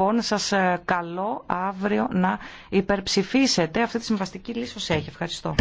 Λοιπόν, σας ε, καλώ αύριο να υπερψηφίσετε αυτή τη συμβαστική λύση ως έχει. Ευχαριστώ.